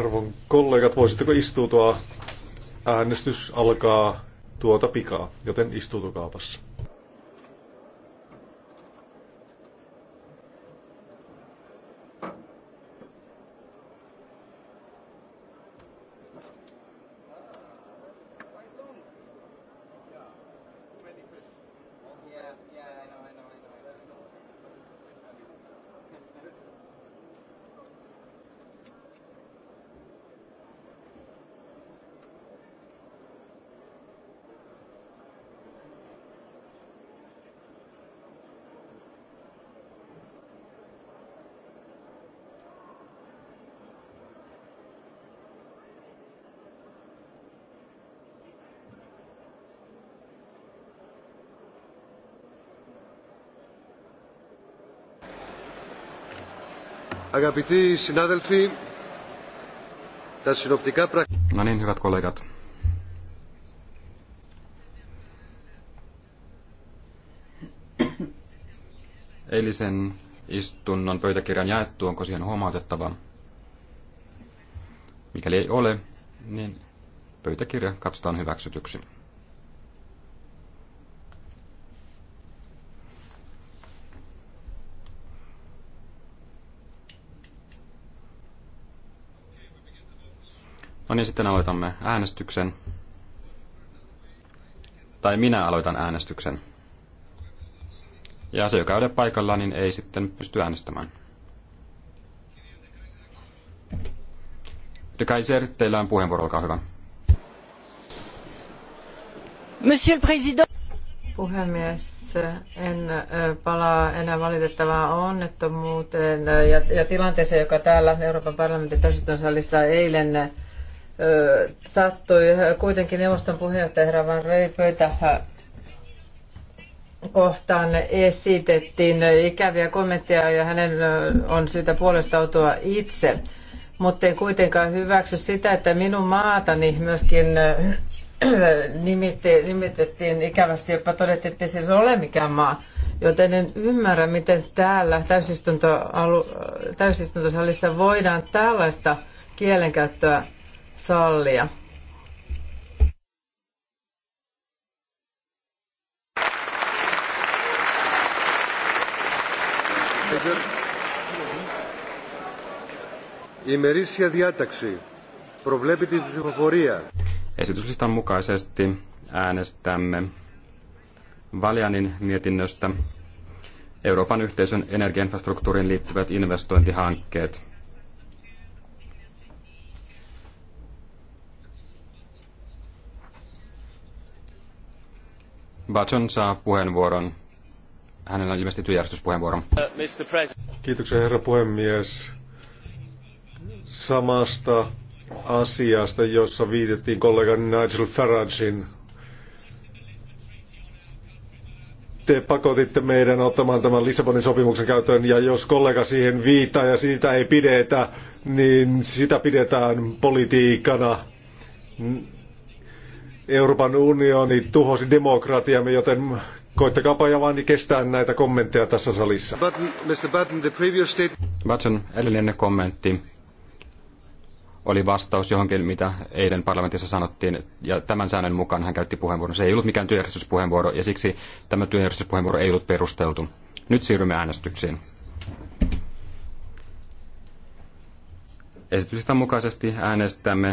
Arvon kollegat, voisitteko istua? Äänestys alkaa tuota pikaa, joten istuutukaapas. No niin, hyvät kollegat. Eilisen istunnon pöytäkirjan jaettu, onko siihen huomautettavaa? Mikäli ei ole, niin pöytäkirja katsotaan hyväksytyksi. No niin, sitten aloitamme äänestyksen. Tai minä aloitan äänestyksen. Ja se, joka ei ole paikalla, niin ei sitten pysty äänestämään. De Kaiser, teillä on puheenvuoro, olkaa hyvä. Monsieur le Président. Puhemies, en palaa enää valitettavaan onnettomuuteen ja, ja tilanteeseen, joka täällä Euroopan parlamentin salissa eilen sattui kuitenkin neuvoston puheenjohtaja herra Van Rey pöytä kohtaan esitettiin ikäviä kommentteja ja hänen on syytä puolestautua itse. Mutta en kuitenkaan hyväksy sitä, että minun maatani myöskin nimitettiin ikävästi, jopa todettiin, että se ei ole mikään maa. Joten en ymmärrä, miten täällä täysistuntosalissa voidaan tällaista kielenkäyttöä sallia. Η ημερήσια διάταξη προβλέπει την ψηφοφορία. Esityslistan mukaisesti äänestämme Valianin mietinnöstä Euroopan yhteisön energiainfrastruktuuriin liittyvät investointihankkeet. Batson saa puheenvuoron. Hänellä on ilmeisesti työjärjestyspuheenvuoro. Uh, Kiitoksia herra puhemies. Samasta asiasta, jossa viitettiin kollega Nigel Faragein. Te pakotitte meidän ottamaan tämän Lissabonin sopimuksen käyttöön, ja jos kollega siihen viittaa ja siitä ei pidetä, niin sitä pidetään politiikana Euroopan unioni tuhosi demokratiamme, joten koittakaapa ja kestää näitä kommentteja tässä salissa. Button, Mr. Button, the previous state... Button, edellinen kommentti oli vastaus johonkin, mitä eilen parlamentissa sanottiin, ja tämän säännön mukaan hän käytti puheenvuoron. Se ei ollut mikään työjärjestyspuheenvuoro, ja siksi tämä työjärjestyspuheenvuoro ei ollut perusteltu. Nyt siirrymme äänestyksiin. Esityslistan mukaisesti äänestämme